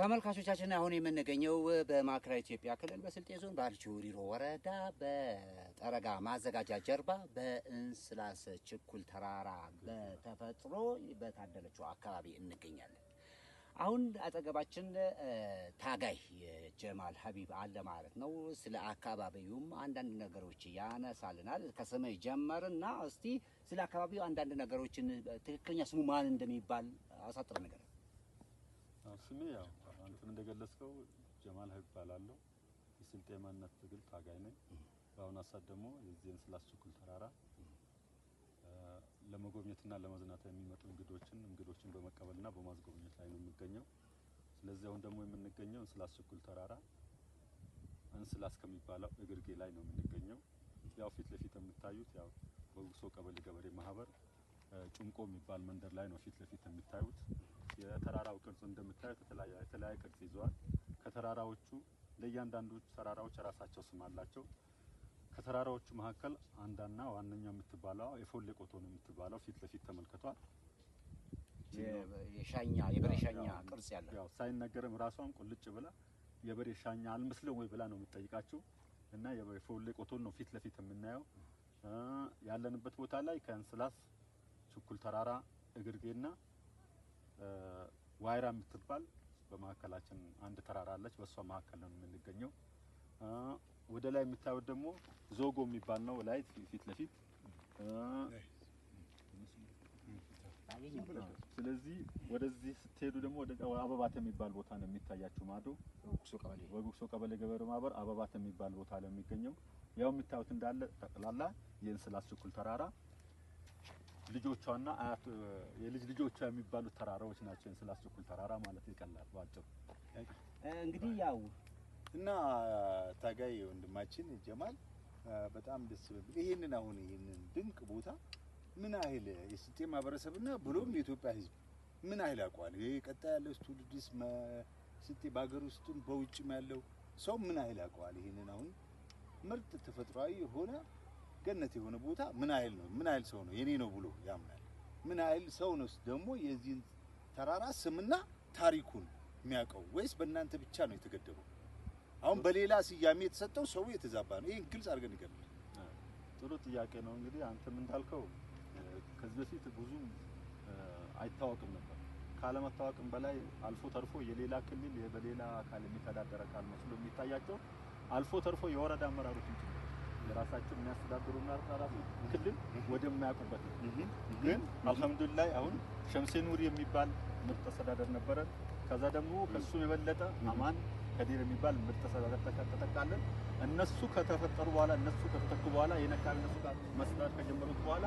ተመልካቾቻችን አሁን የምንገኘው በማዕከላዊ ኢትዮጵያ ክልል በስልጤ ዞን በአልቾ ወሪሮ ወረዳ በጠረጋ ማዘጋጃ ጀርባ በእንስላስ ችኩል ተራራ በተፈጥሮ በታደለችው አካባቢ እንገኛለን። አሁን አጠገባችን ታጋይ ጀማል ሀቢብ አለ ማለት ነው። ስለ አካባቢውም አንዳንድ ነገሮች ያነሳልናል። ከሰማይ ጀመርና እስቲ ስለ አካባቢው አንዳንድ ነገሮችን ትክክለኛ ስሙ ማን እንደሚባል አሳጥረ ነገር ስሜ ያው ቅድም እንደገለጽከው ጀማል ሀይብ እባላለሁ። የስልጤ ትግል ታጋይ ነኝ። በአሁኑ ሰዓት ደግሞ የዚህን ስላስችኩል ተራራ ለመጎብኘትና ለመዝናት የሚመጡ እንግዶችን እንግዶችን በመቀበልና በማስጎብኘት ላይ ነው የሚገኘው። ስለዚህ አሁን ደግሞ የምንገኘው እንስላስችኩል ተራራ እንስላስ ከሚባለው እግርጌ ላይ ነው የምንገኘው። ያው ፊት ለፊት የምታዩት ያው በጉሶ ቀበሌ ገበሬ ማህበር ጭንቆ የሚባል መንደር ላይ ነው ፊት ለፊት የምታዩት። የተራራው ቅርጽ እንደምታዩት የተለያየ ቅርጽ ይዘዋል። ከተራራዎቹ ለእያንዳንዱ ተራራዎች የራሳቸው ስም አላቸው። ከተራራዎቹ መካከል አንዳና ዋነኛው የምትባለው የፎሌ ቆቶ ነው የምትባለው ፊት ለፊት ተመልክቷል። የሻኛ የበሬ ሻኛ ቅርጽ ያለ ያው ሳይነገርም ራሷን ቁልጭ ብላ የበሬ ሻኛ አልመስልም ወይ ብላ ነው የምትጠይቃችሁ እና የፎሌ ቆቶን ነው ፊት ለፊት የምናየው። ያለንበት ቦታ ላይ ከእንስላስ ችኩል ተራራ እግርጌና ዋይራ የምትባል በመካከላችን አንድ ተራራ አለች። በእሷ መካከል ነው የምንገኘው። ወደ ላይ የምታዩት ደግሞ ዞጎ የሚባል ነው። ላይ ፊት ለፊት ስለዚህ ወደዚህ ስትሄዱ ደግሞ ወደ አበባት የሚባል ቦታ ነው የሚታያችሁ። ማዶ ወጉሶ ቀበሌ ገበሬ ማህበር አበባት የሚባል ቦታ ላይ የሚገኘው ያው የምታዩት እንዳለ ጠቅላላ የእንስላስ ችኩል ተራራ ልጆቿና አያት የልጅ ልጆቿ የሚባሉት ተራራዎች ናቸው። ስላስኩል ተራራ ማለት ይቀላል ባጭሩ። እንግዲህ ያው እና ታጋይ ወንድማችን ጀማል በጣም ደስ በሚል ይህንን አሁን ይህንን ድንቅ ቦታ ምን ያህል የስልጤ ማህበረሰብና ብሎም የኢትዮጵያ ሕዝብ ምን ያህል ያውቀዋል? ይሄ ቀጣ ያለው ስቱዲስ ስልጤ በሀገር ውስጥም በውጭም ያለው ሰው ምን ያህል ያውቀዋል? ይህንን አሁን ምርጥ ተፈጥሯዊ የሆነ ገነት የሆነ ቦታ ምን አይል ነው ምን አይል ሰው ነው የኔ ነው ብሎ ያምናል? ምን አይል ሰው ነው ደግሞ የዚህን ተራራ ስምና ታሪኩን የሚያውቀው? ወይስ በእናንተ ብቻ ነው የተገደበው? አሁን በሌላ ስያሜ የተሰጠው ሰው የተዛባ ነው። ይህን ግልጽ አድርገን ይገባል። ጥሩ ጥያቄ ነው። እንግዲህ አንተም እንዳልከው ከዚህ በፊት ብዙ አይታወቅም ነበር። ካለመታወቅም በላይ አልፎ ተርፎ የሌላ ክልል በሌላ አካል የሚተዳደር አካል መስሎ የሚታያቸው አልፎ ተርፎ የወረዳ አመራሮች የራሳቸው የሚያስተዳድሩ እና ምናልባት ክልል ወደማያውቁበት ነው። ግን አልሐምዱሊላህ አሁን ሸምሴ ኑር የሚባል ምርጥ አስተዳደር ነበረ። ከዛ ደግሞ ከሱ የበለጠ አማን ከዲር የሚባል ምርጥ አስተዳደር ተተካለን። እነሱ ከተፈጠሩ በኋላ እነሱ ከተተኩ በኋላ የነካቢ እነሱ ጋር መስራት ከጀመሩት በኋላ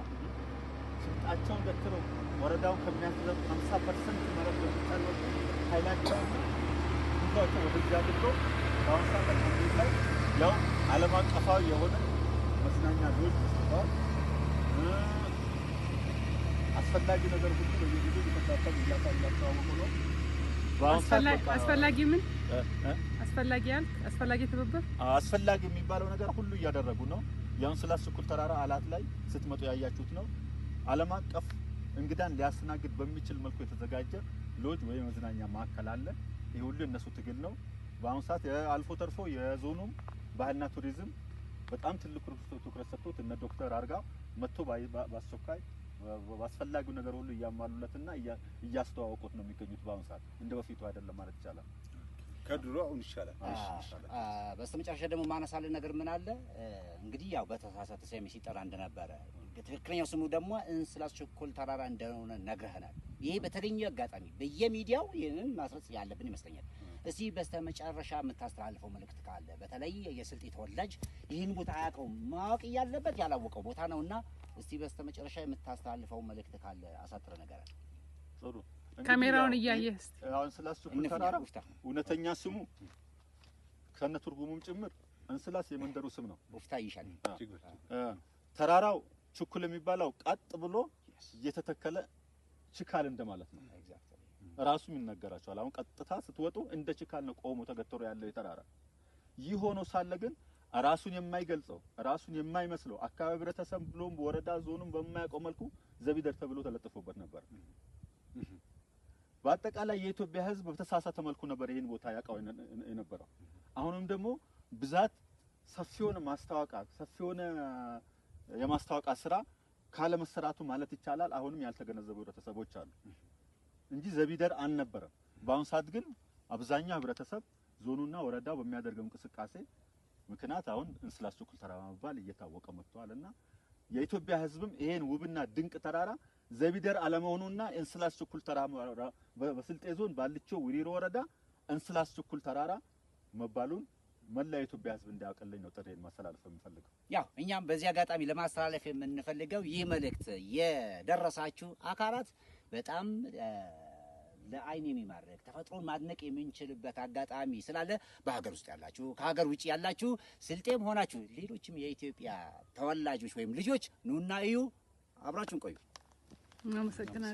ስልጣቸውን ገትረው ወረዳውን ከሚያስተዳድሩ 50 ፐርሰንት መረት በሚጫወጡ ኃይላቸውና ጉዟቸው ወደዚህ አድርገው በአሁን ሰዓት ላይ ያው ዓለም አቀፋዊ የሆነ መዝናኛ ሎጅ ተስተዋል። አስፈላጊ ነገር ሁሉ በየጊዜው እየተከታተሉ እያስተዋወቁ ነው። አስፈላጊ ምን አስፈላጊ ያልክ አስፈላጊ ትብብር አስፈላጊ የሚባለው ነገር ሁሉ እያደረጉ ነው። የአንስላ ስኩል ተራራ አላት ላይ ስትመጡ ያያችሁት ነው። ዓለም አቀፍ እንግዳን ሊያስተናግድ በሚችል መልኩ የተዘጋጀ ሎጅ ወይም መዝናኛ ማዕከል አለ። ይህ ሁሉ እነሱ ትግል ነው። በአሁኑ ሰዓት አልፎ ተርፎ የዞኑም ባህልና ቱሪዝም በጣም ትልቅ ትኩረት ሰጥቶት እነ ዶክተር አርጋ መጥቶ በአስቸኳይ በአስፈላጊው ነገር ሁሉ እያሟሉለትና እያስተዋወቁት ነው የሚገኙት። በአሁኑ ሰዓት እንደ በፊቱ አይደለም ማለት ይቻላል። ከድሮ አሁን ይሻላል። በስተመጨረሻ ደግሞ ማነሳልን ነገር ምን አለ እንግዲህ ያው በተሳሳተ ስም ሲጠራ እንደነበረ ትክክለኛው ስሙ ደግሞ እንስላስ ቸኮል ተራራ እንደሆነ ነግረህናል። ይሄ በተገኘ አጋጣሚ በየሚዲያው ይህንን ማስረጽ ያለብን ይመስለኛል። እስቲ በስተመጨረሻ የምታስተላልፈው መልእክት ካለ በተለይ የስልጤ ተወላጅ ይህን ቦታ አያውቀውም፣ ማወቅ እያለበት ያላወቀው ቦታ ነው እና እስቲ በስተመጨረሻ የምታስተላልፈው መልእክት ካለ አሳጥረ ነገር ጥሩ ካሜራውን እያየህ አሁን ስላሱ ተራራ እውነተኛ ስሙ ከነ ትርጉሙም ጭምር እንስላስ የመንደሩ ስም ነው። ኡፍታ ይሻል ተራራው ችኩል የሚባለው ቀጥ ብሎ እየተተከለ ችካል እንደማለት ነው። ራሱም ይነገራቸዋል። አሁን ቀጥታ ስትወጡ እንደ ችካል ነው ቆሞ ተገትሮ ያለው የተራራ ይህ ሆኖ ሳለ ግን ራሱን የማይገልጸው ራሱን የማይመስለው አካባቢ ህብረተሰብ ብሎም ወረዳ ዞኑም በማያውቀው መልኩ ዘቢደር ተብሎ ተለጥፎበት ነበር። በአጠቃላይ የኢትዮጵያ ህዝብ በተሳሳተ መልኩ ነበር ይህን ቦታ ያውቀው የነበረው። አሁንም ደግሞ ብዛት ሰፊ የሆነ ማስታወቂያ ሰፊ የሆነ የማስታወቂያ ስራ ካለመሰራቱ ማለት ይቻላል አሁንም ያልተገነዘቡ ህብረተሰቦች አሉ። እንጂ ዘቢደር አልነበረም። በአሁኑ ሰዓት ግን አብዛኛው ህብረተሰብ ዞኑና ወረዳው በሚያደርገው እንቅስቃሴ ምክንያት አሁን እንስላስ ሱኩል ተራራ በመባል እየታወቀ መጥቷል እና የኢትዮጵያ ህዝብም ይሄን ውብና ድንቅ ተራራ ዘቢደር አለመሆኑና እንስላስ ሱኩል ተራራ በስልጤ ዞን ባልቾ ውሪሮ ወረዳ እንስላስ ሱኩል ተራራ መባሉን መላ የኢትዮጵያ ህዝብ እንዲያውቅልኝ ነው ጥሬን ማስተላለፍ የምፈልገው። ያው እኛም በዚህ አጋጣሚ ለማስተላለፍ የምንፈልገው ይህ መልእክት የደረሳችሁ አካላት በጣም ለአይን የሚማርክ ተፈጥሮን ማድነቅ የምንችልበት አጋጣሚ ስላለ በሀገር ውስጥ ያላችሁ ከሀገር ውጭ ያላችሁ ስልጤም ሆናችሁ ሌሎችም የኢትዮጵያ ተወላጆች ወይም ልጆች ኑና እዩ። አብራችሁን ቆዩ። እናመሰግናለን።